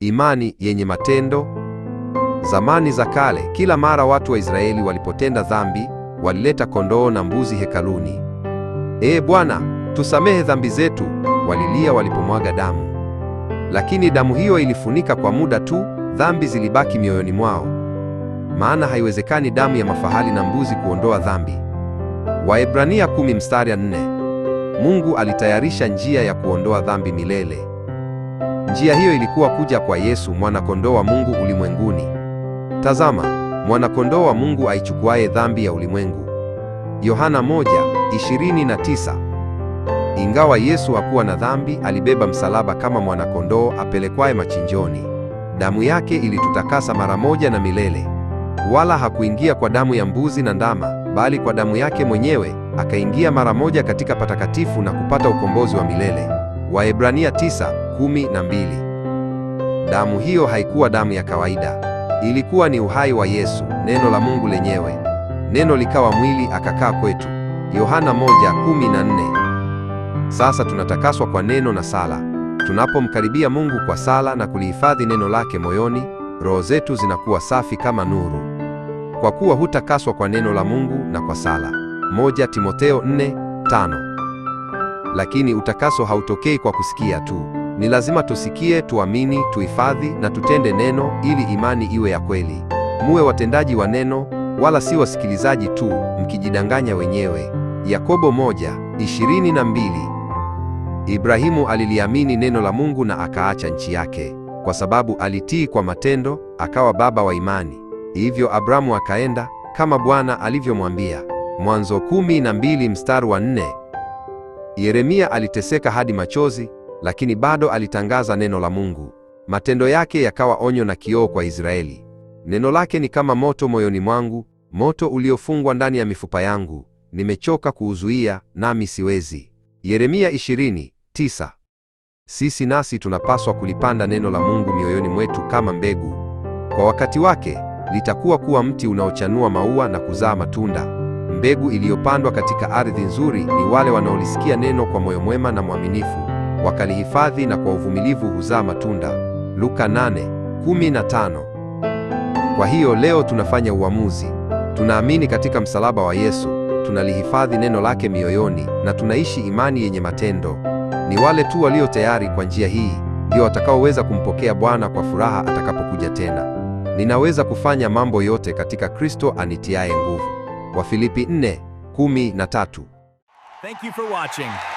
imani yenye matendo. Zamani za kale, kila mara watu wa Israeli walipotenda dhambi, walileta kondoo na mbuzi hekaluni. Ee Bwana, tusamehe dhambi zetu, walilia walipomwaga damu. Lakini damu hiyo ilifunika kwa muda tu, dhambi zilibaki mioyoni mwao. Maana haiwezekani damu ya mafahali na mbuzi kuondoa dhambi. Waebrania 10 mstari 4. Mungu alitayarisha njia ya kuondoa dhambi milele. Njia hiyo ilikuwa kuja kwa Yesu mwanakondoo wa Mungu ulimwenguni. Tazama, mwanakondoo wa Mungu aichukuaye dhambi ya ulimwengu. Yohana 1:29. Ingawa Yesu hakuwa na dhambi, alibeba msalaba kama mwana-kondoo apelekwaye machinjoni. Damu yake ilitutakasa mara moja na milele. Wala hakuingia kwa damu ya mbuzi na ndama, bali kwa damu yake mwenyewe akaingia mara moja katika patakatifu na kupata ukombozi wa milele. Waebrania 9 kumi na mbili. Damu hiyo haikuwa damu ya kawaida, ilikuwa ni uhai wa Yesu, neno la Mungu lenyewe. Neno likawa mwili akakaa kwetu, Yohana moja kumi na nne. Sasa tunatakaswa kwa neno na sala. Tunapomkaribia Mungu kwa sala na kulihifadhi neno lake moyoni, roho zetu zinakuwa safi kama nuru, kwa kuwa hutakaswa kwa neno la Mungu na kwa sala. Moja Timoteo nne tano. Lakini utakaso hautokei kwa kusikia tu. Ni lazima tusikie, tuamini, tuhifadhi na tutende neno ili imani iwe ya kweli. Muwe watendaji wa neno wala si wasikilizaji tu mkijidanganya wenyewe. Yakobo mbili. Ibrahimu aliliamini neno la Mungu na akaacha nchi yake kwa sababu alitii kwa matendo, akawa baba wa imani. Hivyo Abrahamu akaenda kama Bwana alivyomwambia. Mwanzo kumi na mbili mstari wa nne. Yeremia aliteseka hadi machozi lakini bado alitangaza neno la Mungu. Matendo yake yakawa onyo na kioo kwa Israeli. Neno lake ni kama moto moyoni mwangu, moto uliofungwa ndani ya mifupa yangu, nimechoka kuuzuia, nami siwezi. Yeremia 20:9. Sisi nasi tunapaswa kulipanda neno la Mungu mioyoni mwetu kama mbegu. Kwa wakati wake litakuwa kuwa mti unaochanua maua na kuzaa matunda. Mbegu iliyopandwa katika ardhi nzuri ni wale wanaolisikia neno kwa moyo mwema na mwaminifu wakalihifadhi na kwa uvumilivu huzaa matunda. Luka 8:15. Kwa hiyo leo tunafanya uamuzi. Tunaamini katika msalaba wa Yesu, tunalihifadhi neno lake mioyoni na tunaishi imani yenye matendo. Ni wale tu walio tayari kwa njia hii ndio watakaoweza kumpokea Bwana kwa furaha atakapokuja tena. Ninaweza kufanya mambo yote katika Kristo anitiaye nguvu. Wafilipi 4:13. Thank you for watching.